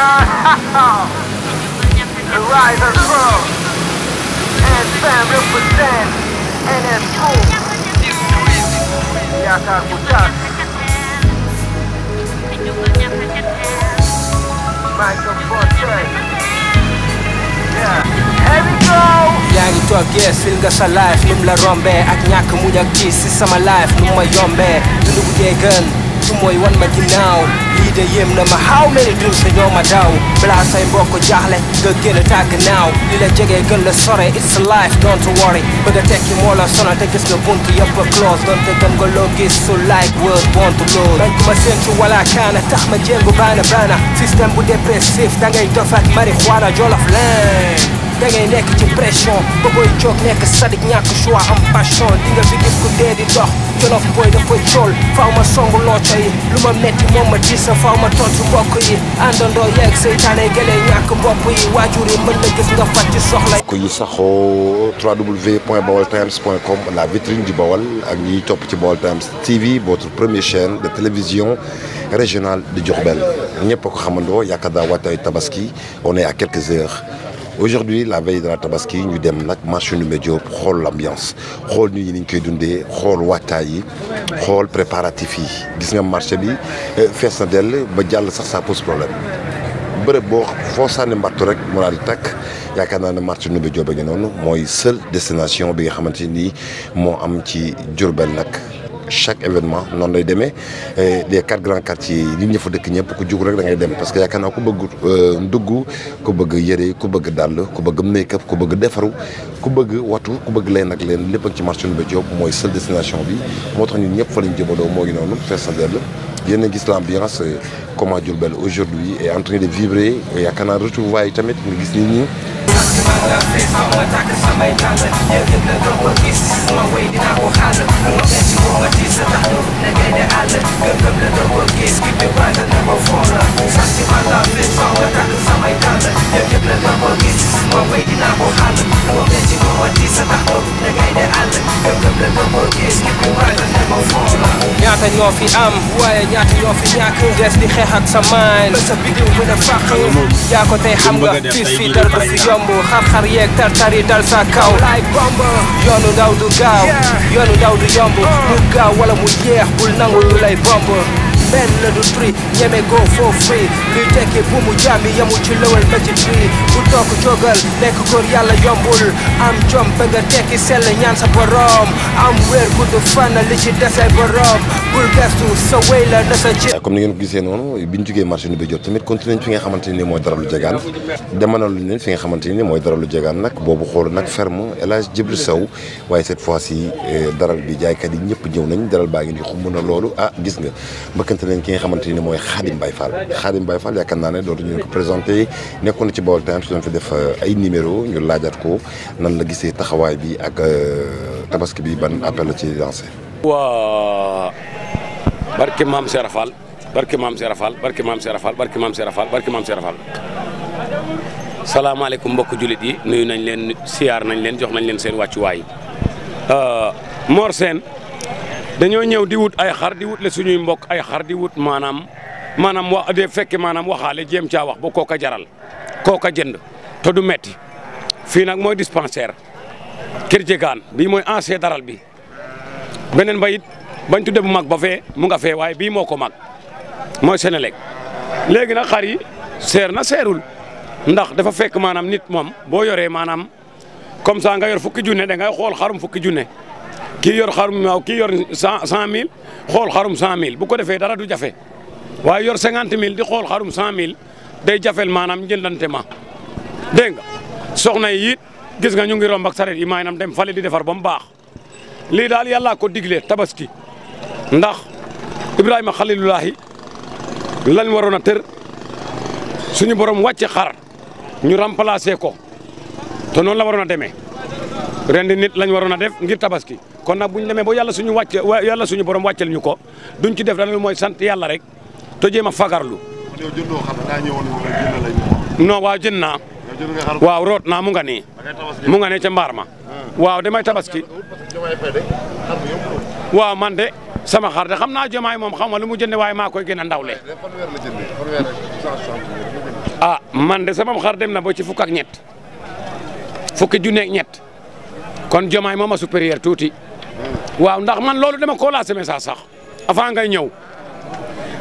The Rider Pro and Sam represent yaa ngi toog gee sil sa life num la rombe ak ñàkk muñ ak ci si sama life num ma yombe dundu bu dee su mooy wan ma ginnaaw lii de yéem na ma how many drinks la ma daw balaa say e mbokk jaaxle nga gën a tàgg naaw li la jege gën la sore it's a life don't worry bëgg a tekki moo la sonal te bunt yëpp a close donte gëm nga loo gis su like word won't close man ku ma séentu wala kaana tax ma jéngu baana baana système bu dépressif da ngay marijuana jolof leen da ngay nekk ci pression ba koy jóg nekk sadik ñàkk choix am passion di nga dox jolof booy dafa cool faaw ma song looco lu ma metti moom ma diis sa ma tontu mbokk yi àndandoo yeeg seytaane gëlee ñàkk mbopp yi waajur yi mën la nga fat ci soxla la vitrine du Baol ak ñiy topp ci Baol Times TV votre première chaîne de télévision régionale de Diourbel ñëpp a ko xamandoo yaakaar daa tabaski on est à quelques heures aujourd'hui la veille de la tabaski ñu dem nag marché Ndoumbé Diop xool l'ambiance xool nit ñi ni koy dundee xool waajtaay yi xool préparatifs yi gis nga marché bi euh, fees na dell ba jàll sax ça pose problème bërëb boo foo sànni mbattu rek mu daal di takk yaakaar naa ne marché Ndoumbé Diop a ngi noonu mooy seule destination bi nga xamante nii moo am ci Diourbel nag chaque événement noonu lay demee les quatre grands quartiers yi ñu fa dëkk ñëpp ku jug rek dangay dem parce que yaakaar naa ku bëgg euh, ndugg ku bëgg yëre ku bëgg dàll ku bëgg make-up ku bëgg defaru ku bëgg watu ku bëgg leen nag leen lépp ci marché Ndoumbé Diop mooy seule destination bi moo tax ñu ñëpp fa lañ jëbaloo moo ngi noonu fees na dell yéen a gis l'ambiance comment Diourbel aujourd'hui est en train de vibrer yaakaar naa retrouvailles tamit nga gis nit ñi man la fees fa ma tàkk samay dàll yow yëg la doo ko gis ma wéy dinaa ko xàll ma mel ci boo ma tiis tax ñu ne gaynde àll gëm-gëm la doo ko ñaata ñoo fi am waaye ñaata ñoo fi ñàkk des di xeex ak sa sa bidiw mën a fàq yaa tey xam nga fiis fi dal ko fi yomb xar-xar yeeg yi dal sa kaw laay bomb yoonu daw du gaaw yoonu daw du yomb uh. mu gaaw wala mu yeex bul nangu lu lay bomb benn la du tri ñeme go for free tekki bu mu jàmbi yamul ci lëwal ba ci tri bu toog jógal nekk góor yàlla yombul am jom ba nga tekki sell ñaan sa borom am wér gudd fan li ci desee comme ni ngeen ko gisee noonu bi ñu jugee marché nu ba jot tamit continué fi nga xamante ne mooy daralu jegaan demanal lu leen fi nga xamante ne mooy daralu jegaan nag boobu xool nag ferme El Hadj Djibril Sow waaye cette fois ci eh, dara bi jaaykat yi ñëpp ñëw nañ daral baa ngi ni xumb na loolu ah gis nga mbëkkante nañ ki nga xamante ne mooy Khadim Baye Fall Khadim Baye Fall yaakaar naa ne dootu ñu ko présenté nekkoon na ci Baol Times su fi def eh, ay numéro ñu laajaat ko nan la gisee taxawaay bi ak eh, tabaski bi ban appel la ci lancé waa barke maam Serafal barke maam Serafal barke maam Serafal barke maam Serafal barke maam Serafal. salaamaaleykum mbokk jullit yi nuyu nañ leen siyaar nañ leen jox nañ leen seen wàccuwaay euh, Mor Sène dañoo ñëw di wut ay xar di wut le suñuy mbokk ay xar di wut maanaam maanaam wax de fekke maanaam waxaale jéem caa wax ba kooka jaral kooka jënd te du metti fii nag mooy dispensaire kër bii mooy ancien daral bi beneen bañ tudde bu mag ba fee mu nga fee waaye bii moo ko mag mooy Senelec léegi nag xar yi seer na seerul ndax dafa fekk maanaam nit moom boo yoree maanaam comme ça nga yor fukki junne da ngay xool xarum fukki junne kii yor xarum waaw kii yor cent mille xool xarum cent mille bu ko defee dara du jafe waaye yor cinquante mille di xool xarum cent mille day jafel maanam njëndante ma dégg nga soxna yi it gis nga ñu ngi romb ak yi maanaam dem fale di defar ba mu baax lii daal yàllaa ko digle tabaski ndax Ibrahima Xalilullaahi lañ waroon a tër suñu borom wàcce xar ñu remplacer ko te noonu la waroon a demee rendi nit lañ waroon a def ngir tabaski kon nag buñ ñu demee ba yàlla suñu wàcce yàlla suñu borom wàccel ñu ko duñ ci def dana mooy sant yàlla rek te jéem a fagarlu. non waaw jën naa. waaw root naa mu nga nii. mu nga ne ca ma. Ah. waaw damay tabaski. waaw man de. sama xar de xam naa jomaay moom xam nga lu mu jënd waaye maa koy gën a ndawle. ah man de sama xar dem na ba ci fukk ak ñett fukki junne ak ñett kon jomaay moom a supérieur tuuti waaw ndax man loolu dama koo laasé message sax avant ngay ñëw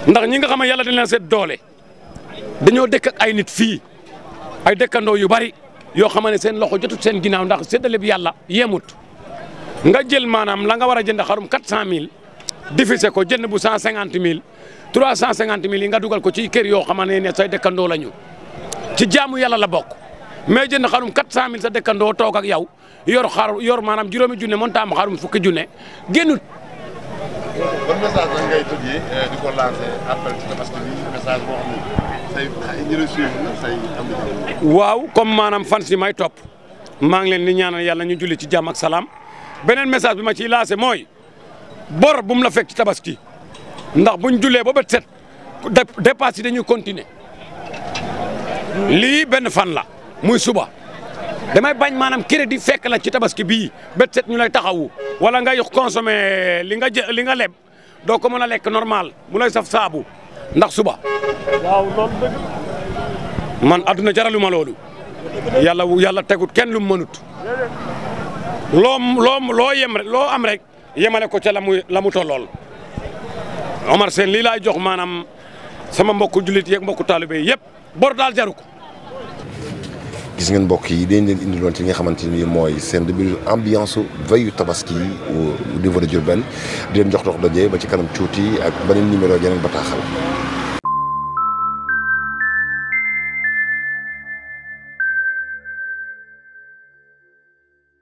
ndax ñi nga xam ne yàlla dañ leen seet doole dañoo dëkk ak ay nit fii ay dëkkandoo yu bari yoo xam ne seen loxo jotut seen ginnaaw ndax séddale bi yàlla yemut nga jël maanaam la nga war a jënd xarum 400000. diffusé ko jënd bu cent cinquante mille trois cent cinquante mille yi nga dugal ko ci kër yoo xamante ne say dëkkandoo la ñu ci jaamu yàlla la bokk mais jënd xarum quatre cent mille sa dëkkandoo toog ak yow yor yor maanaam juróomi junne moon taam xarum fukki junne génnut. Euh, waaw comme maanaam fan si may topp maa ngi leen di ñaanal yàlla ñu julli ci jàmm ak salaam beneen message bi ma ciy lancé mooy. bor bu mu la fekk ci tabaski ndax buñ jullee ba bët set dépasse yi dañuy continuer lii benn fan la muy suba damay bañ maanaam crédit fekk la ci tabaski bii bët ñu lay taxawu wala ngay consommer li nga jë li nga leb doo ko mën a lekk normal mu lay saf saabu ndax suba. waaw loolu dëgg man adduna loolu. yàlla yàlla tegut kenn lu mu mënut. loo loo loo yem loo am rek. yemale ko ca la muy la mu tollool Omar Sène lii laay jox maanaam sama mbokku jullit yeeg mbokku taalibe yëpp bor daal jaru ko gis ngeen mbokk yi dañ leen indiloon ci nga xamante ni mooy seen début ambiance veillu tabaski au niveau de Diourbel di leen jox dox daje ba ci kanam tuuti ak beneen numéro yeneen bataaxal